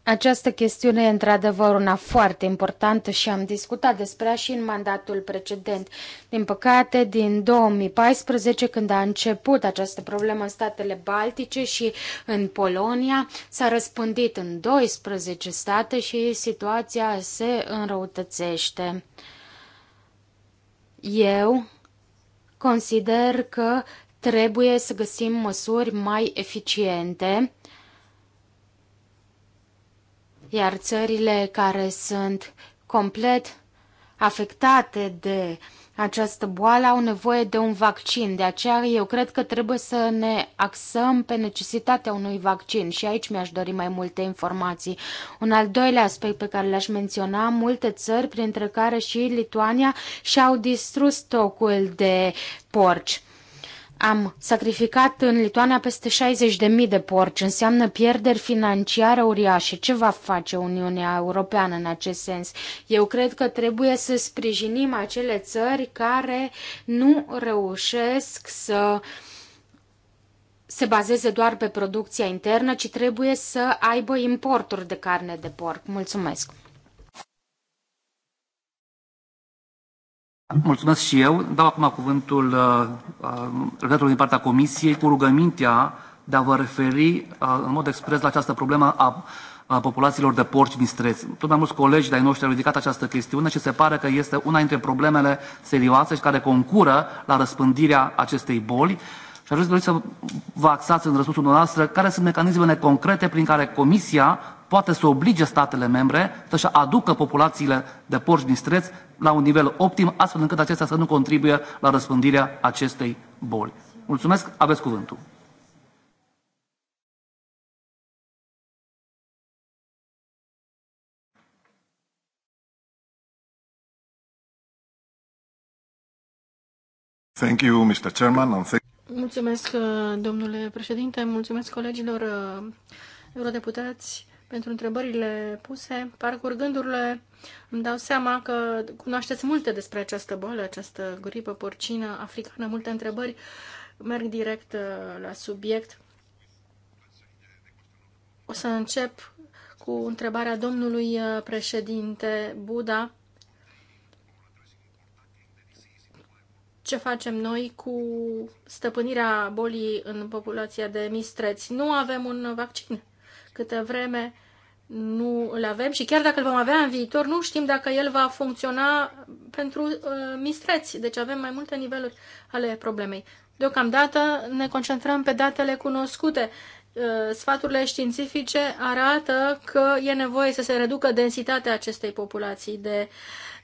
Această chestiune e într-adevăr una foarte importantă și am discutat despre ea și în mandatul precedent. Din păcate, din 2014, când a început această problemă în statele Baltice și în Polonia, s-a răspândit în 12 state și situația se înrăutățește. Eu consider că trebuie să găsim măsuri mai eficiente iar țările care sunt complet afectate de această boală au nevoie de un vaccin. De aceea eu cred că trebuie să ne axăm pe necesitatea unui vaccin și aici mi-aș dori mai multe informații. Un al doilea aspect pe care l-aș menționa, multe țări, printre care și Lituania, și-au distrus stocul de porci. Am sacrificat în Lituania peste 60.000 de porci, înseamnă pierderi financiare uriașe. Ce va face Uniunea Europeană în acest sens? Eu cred că trebuie să sprijinim acele țări care nu reușesc să se bazeze doar pe producția internă, ci trebuie să aibă importuri de carne de porc. Mulțumesc! Mulțumesc și eu. Dau acum cuvântul reprezentantului uh, uh, din partea Comisiei cu rugămintea de a vă referi uh, în mod expres la această problemă a a populațiilor de porci din streț. Tot mai mulți colegi de-ai noștri au ridicat această chestiune și se pare că este una dintre problemele serioase și care concură la răspândirea acestei boli. Și aș vrea să vă axați în răspunsul dumneavoastră care sunt mecanismele concrete prin care comisia poate să oblige statele membre să-și aducă populațiile de porci din streț la un nivel optim astfel încât acestea să nu contribuie la răspândirea acestei boli. Mulțumesc, aveți cuvântul. Thank you, Mr. Chairman, and thank Mulțumesc, uh, domnule președinte, mulțumesc colegilor uh, eurodeputați pentru întrebările puse. Parcurgându-le, îmi dau seama că cunoașteți multe despre această boală, această gripă porcină africană, multe întrebări. Merg direct uh, la subiect. O să încep cu întrebarea domnului președinte Buda ce facem noi cu stăpânirea bolii în populația de mistreți. Nu avem un vaccin. Câte vreme nu îl avem și chiar dacă îl vom avea în viitor, nu știm dacă el va funcționa pentru uh, mistreți. Deci avem mai multe niveluri ale problemei. Deocamdată ne concentrăm pe datele cunoscute. Uh, sfaturile științifice arată că e nevoie să se reducă densitatea acestei populații de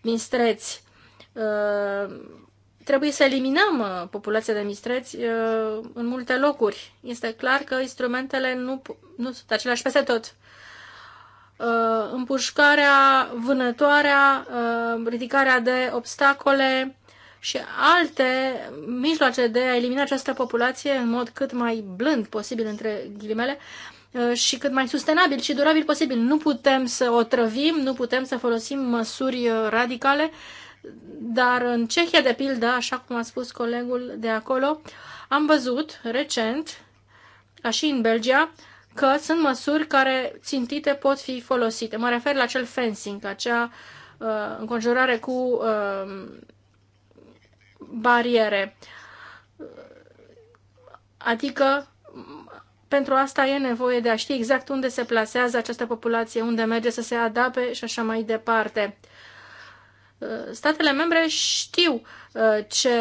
mistreți. Uh, Trebuie să eliminăm uh, populația de mistreți uh, în multe locuri. Este clar că instrumentele nu, nu sunt aceleași peste tot. Uh, împușcarea, vânătoarea, ridicarea de obstacole și alte mijloace de a elimina această populație în mod cât mai blând posibil, între ghilimele, și cât mai sustenabil și durabil posibil. Nu putem să o trăvim, nu putem să folosim măsuri radicale dar în Cehia, de pildă, așa cum a spus colegul de acolo, am văzut recent, ca și în Belgia, că sunt măsuri care țintite pot fi folosite. Mă refer la acel fencing, acea uh, înconjurare cu uh, bariere. Adică pentru asta e nevoie de a ști exact unde se plasează această populație, unde merge să se adapte și așa mai departe statele membre știu uh, ce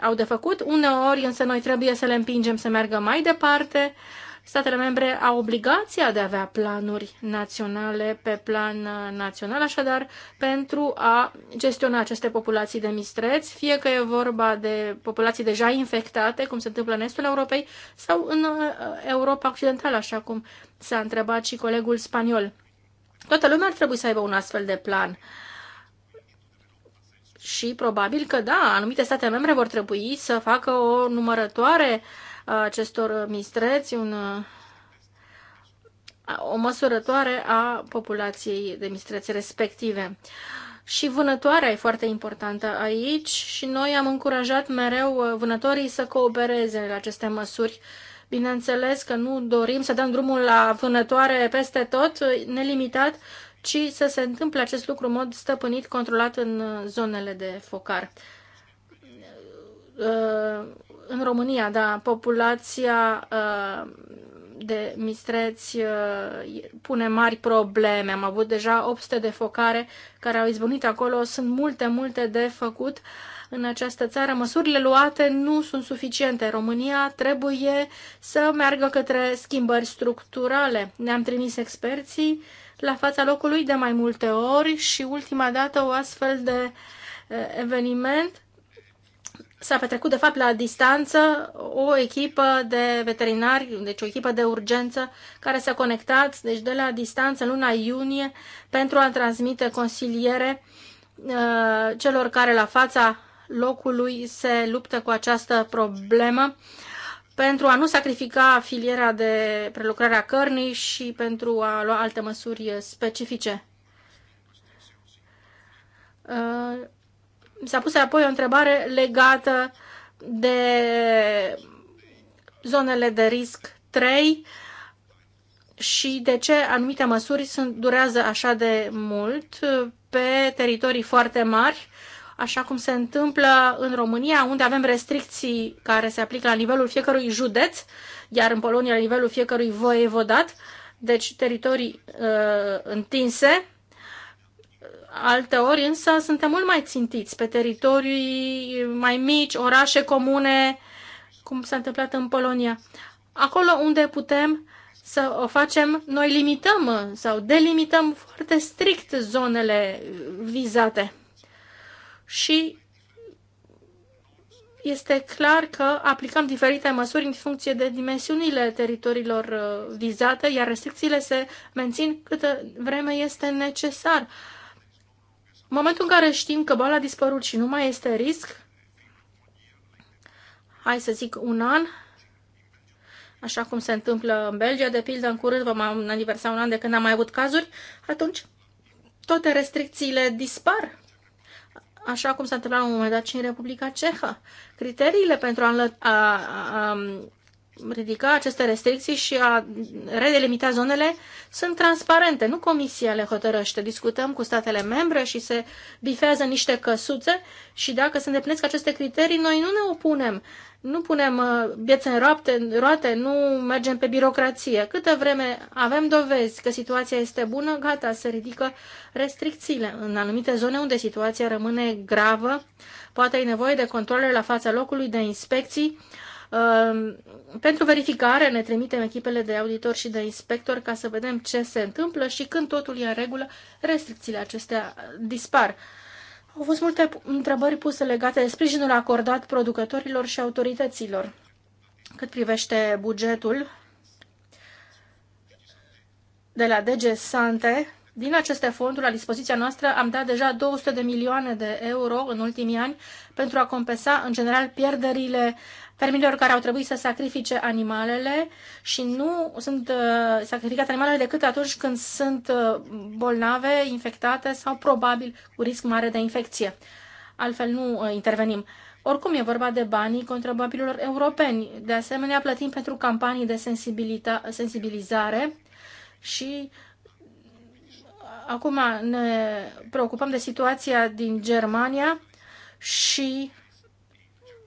au de făcut, uneori însă noi trebuie să le împingem să meargă mai departe. Statele membre au obligația de a avea planuri naționale pe plan uh, național, așadar, pentru a gestiona aceste populații de mistreți, fie că e vorba de populații deja infectate, cum se întâmplă în estul Europei, sau în uh, Europa Occidentală, așa cum s-a întrebat și colegul spaniol. Toată lumea ar trebui să aibă un astfel de plan. Uh, și probabil că da, anumite state membre vor trebui să facă o numărătoare a acestor mistreți, un, o măsurătoare a populației de mistreți respective. Și vânătoarea e foarte importantă aici și noi am încurajat mereu uh, vânătorii să coopereze la aceste măsuri. Bineînțeles că nu dorim să dăm drumul la vânătoare peste tot, nelimitat, ci să se întâmple acest lucru în mod stăpânit, controlat în uh, zonele de focar. Uh, în România, da, populația uh, de mistreți pune mari probleme. Am avut deja 800 de focare care au izbunit acolo. Sunt multe, multe de făcut în această țară. Măsurile luate nu sunt suficiente. România trebuie să meargă către schimbări structurale. Ne-am trimis experții uh, la fața locului de mai multe ori și ultima dată o astfel de eh, eveniment s-a petrecut de fapt la distanță o echipă de veterinari, deci o echipă de urgență care s-a conectat deci de la distanță în luna iunie pentru a transmite consiliere eh, celor care la fața locului se luptă cu această problemă pentru a nu sacrifica filiera de prelucrare a cărnii și pentru a lua alte măsuri specifice. Uh, s-a pus apoi o întrebare legată de zonele de risc 3 și de ce anumite măsuri sunt, durează așa de mult pe teritorii foarte mari așa cum se întâmplă în România, unde avem restricții care se aplică la nivelul fiecărui județ, iar în Polonia la nivelul fiecărui voievodat, deci teritorii uh, întinse. Alte ori însă suntem mult mai țintiți pe teritorii mai mici, orașe comune, cum s-a întâmplat în Polonia. Acolo unde putem să o facem, noi limităm sau delimităm foarte strict zonele vizate și este clar că aplicăm diferite măsuri în funcție de dimensiunile teritoriilor uh, vizate, iar restricțiile se mențin câtă vreme este necesar. În momentul în care știm că boala a dispărut și nu mai este risc, hai să zic un an, așa cum se întâmplă în Belgia, de pildă, în curând vom aniversa un an de când am mai avut cazuri, atunci toate restricțiile dispar așa cum s-a întâmplat la un moment dat și în Republica Cehă. Criteriile pentru a, a, a ridica aceste restricții și a redelimita zonele sunt transparente. Nu comisia le hotărăște. Discutăm cu statele membre și se bifează niște căsuțe și dacă se îndeplinesc aceste criterii, noi nu ne opunem. Nu punem biețe uh, în roapte, roate, nu mergem pe birocrație. Câte vreme avem dovezi că situația este bună, gata, se ridică restricțiile. În anumite zone unde situația rămâne gravă, poate e nevoie de controle la fața locului, de inspecții, Ehm, pentru verificare ne trimitem echipele de auditor și de inspector ca să vedem ce se întâmplă și când totul e în regulă, restricțiile acestea dispar. Au fost multe întrebări puse legate de sprijinul acordat producătorilor și autorităților. Cât privește bugetul de la DG Sante, din aceste fonduri, la dispoziția noastră, am dat deja 200 de milioane de euro în ultimii ani pentru a compensa, în general, pierderile fermierilor care au trebuit să sacrifice animalele și nu sunt uh, sacrificate animalele decât atunci când sunt uh, bolnave, infectate sau probabil cu risc mare de infecție. Altfel nu uh, intervenim. Oricum e vorba de banii contribuabililor europeni. De asemenea, plătim pentru campanii de sensibilizare și uh, Acum ne preocupăm de situația din Germania și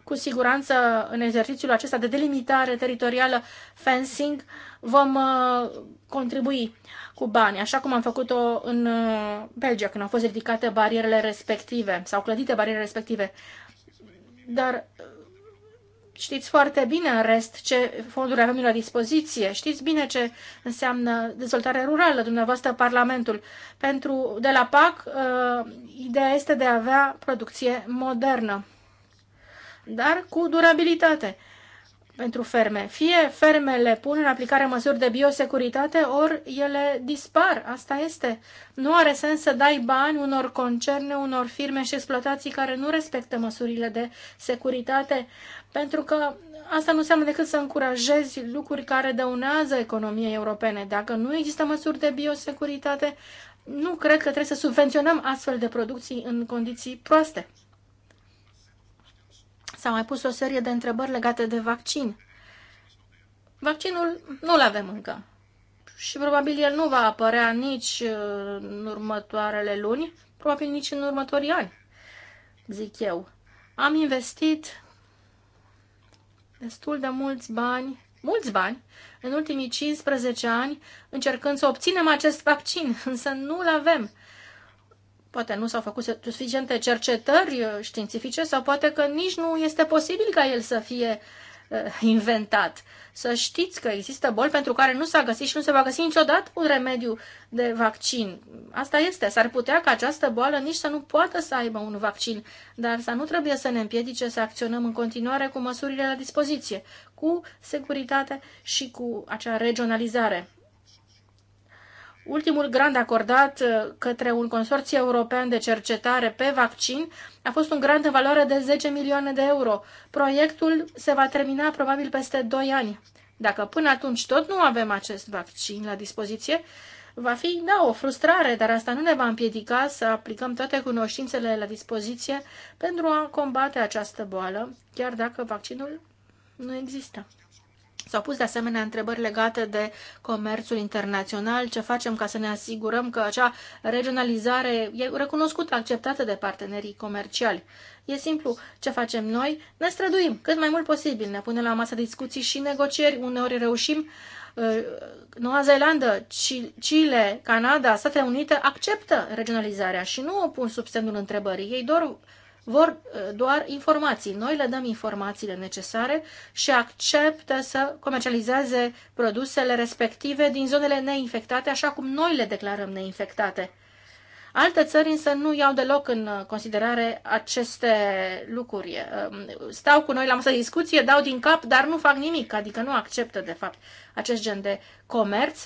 cu siguranță în exercițiul acesta de delimitare teritorială, fencing, vom uh, contribui cu bani, așa cum am făcut-o în uh, Belgia, când au fost ridicate barierele respective sau clădite barierele respective. Dar uh, Știți foarte bine în rest ce fonduri avem la dispoziție, știți bine ce înseamnă dezvoltare rurală, dumneavoastră Parlamentul. Pentru, de la PAC, uh, ideea este de a avea producție modernă, dar cu durabilitate pentru ferme. Fie fermele pun în aplicare măsuri de biosecuritate, ori ele dispar. Asta este. Nu are sens să dai bani unor concerne, unor firme și exploatații care nu respectă măsurile de securitate. Uh, pentru că asta nu înseamnă decât să încurajezi lucruri care dăunează economiei europene. Dacă nu există măsuri de biosecuritate, nu cred că trebuie să subvenționăm astfel de producții în condiții proaste. S-a mai pus o serie de întrebări legate de vaccin. Vaccinul nu-l avem încă și probabil el nu va apărea nici uh, în următoarele luni, probabil nici în următorii ani, zic eu. Am investit destul de mulți bani, mulți bani, în ultimii 15 ani, încercând să obținem acest vaccin, însă nu-l avem. Poate nu s-au făcut suficiente cercetări științifice sau poate că nici nu este posibil ca el să fie uh, Eh, inventat. Să știți că există boli pentru care nu s-a găsit și nu se va găsi niciodată un remediu de vaccin. Asta este. S-ar putea ca această boală nici să nu poată să aibă un vaccin, dar să nu trebuie să ne împiedice să acționăm în continuare cu măsurile la dispoziție, cu securitate și cu acea regionalizare. Ultimul grant acordat uh, către un consorțiu european de cercetare pe vaccin a fost un grant în valoare de 10 milioane de euro. Proiectul se va termina probabil peste 2 ani. Dacă până atunci tot nu avem acest vaccin la dispoziție, va fi, da, o frustrare, dar asta nu ne va împiedica să aplicăm toate cunoștințele la dispoziție pentru a combate această boală, chiar dacă vaccinul nu există. S-au pus de asemenea întrebări legate de comerțul internațional, ce facem ca să ne asigurăm că acea regionalizare e recunoscută, acceptată de partenerii comerciali. E simplu, ce facem noi? Ne străduim cât mai mult posibil, ne punem la masă discuții și negocieri, uneori reușim. Uh, Noua Zeelandă, Chile, Canada, Statele Unite acceptă regionalizarea și nu o pun sub semnul întrebării. Ei doar vor uh, doar informații. Noi le dăm informațiile necesare și acceptă să comercializeze produsele respective din zonele neinfectate, așa cum noi le declarăm neinfectate. Alte țări însă nu iau deloc în considerare aceste lucruri. Uh, stau cu noi la masă discuție, dau din cap, dar nu fac nimic, adică nu acceptă de fapt acest gen de comerț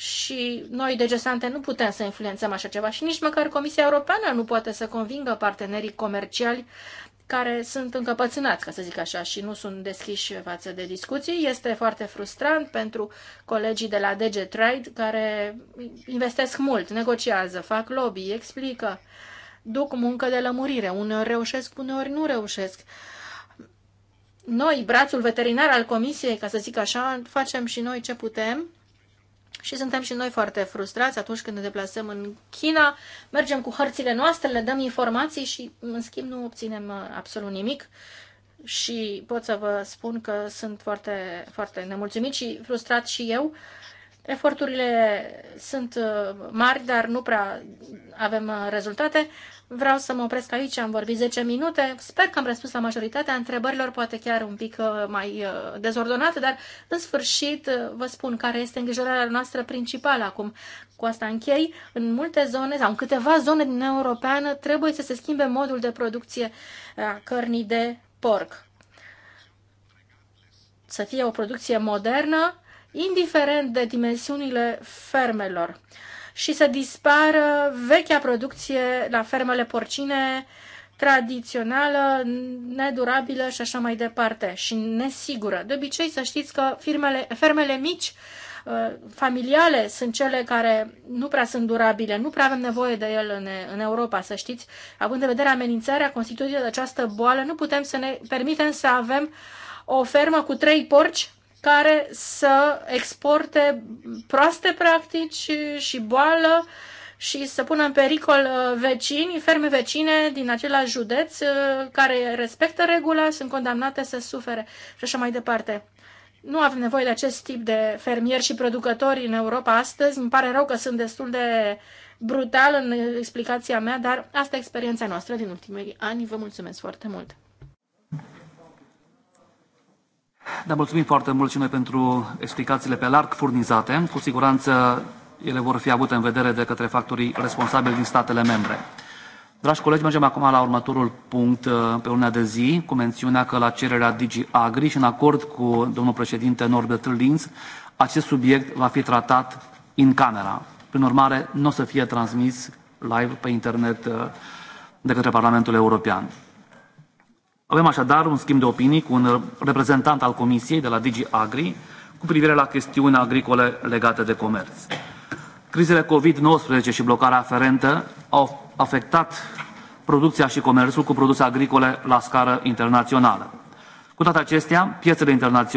și noi de gestante nu putem să influențăm așa ceva și nici măcar Comisia Europeană nu poate să convingă partenerii comerciali care sunt încăpățânați, ca să zic așa, și nu sunt deschiși față de discuții. Este foarte frustrant pentru colegii de la DG Trade care investesc mult, negociază, fac lobby, explică, duc muncă de lămurire, uneori reușesc, uneori nu reușesc. Noi, brațul veterinar al comisiei, ca să zic așa, facem și noi ce putem și suntem și noi foarte frustrați atunci când ne deplasăm în China, mergem cu hărțile noastre, le dăm informații și, în schimb, nu obținem uh, absolut nimic. Și pot să vă spun că sunt foarte, foarte nemulțumit și frustrat și eu Eforturile sunt uh, mari, dar nu prea avem uh, rezultate. Vreau să mă opresc aici, am vorbit 10 minute. Sper că am răspuns la majoritatea întrebărilor, poate chiar un pic uh, mai dezordonate, dar în sfârșit vă spun care este îngrijorarea noastră principală acum. Cu asta închei, în multe zone sau în câteva zone din Europeană trebuie să se schimbe modul de producție a cărnii de porc. Să fie o producție modernă, indiferent de dimensiunile fermelor și să dispară vechea producție la fermele porcine tradițională, nedurabilă și așa mai departe și nesigură. De obicei să știți că firmele, fermele mici uh, familiale sunt cele care nu prea sunt durabile, nu prea avem nevoie de ele în, în Europa, să știți. Având în vedere amenințarea constituită de această boală, nu putem să ne permitem să avem o fermă cu trei porci care să exporte proaste practici și boală și să pună în pericol uh, vecini, ferme vecine din același județ uh, care respectă regula, sunt condamnate să sufere și așa mai departe. Nu avem nevoie de acest tip de fermieri și producători în Europa astăzi. Îmi pare rău că sunt destul de brutal în explicația mea, dar asta e experiența noastră din ultimii ani. Vă mulțumesc foarte mult! Da, mulțumim foarte mult și noi pentru explicațiile pe larg furnizate. Cu siguranță ele vor fi avute în vedere de către factorii responsabili din statele membre. Dragi colegi, mergem acum la următorul punct uh, pe urmea de zi, cu mențiunea că la cererea Digi Agri și în acord cu domnul președinte Norbert Linz, acest subiect va fi tratat în camera. Prin urmare, nu o să fie transmis live pe internet uh, de către Parlamentul European. Avem așadar un schimb de opinii cu un reprezentant al Comisiei de la DIGI Agri cu privire la chestiuni agricole legate de comerț. Crizele COVID-19 și blocarea aferentă au afectat producția și comerțul cu produse agricole la scară internațională. Cu toate acestea, piețele internaționale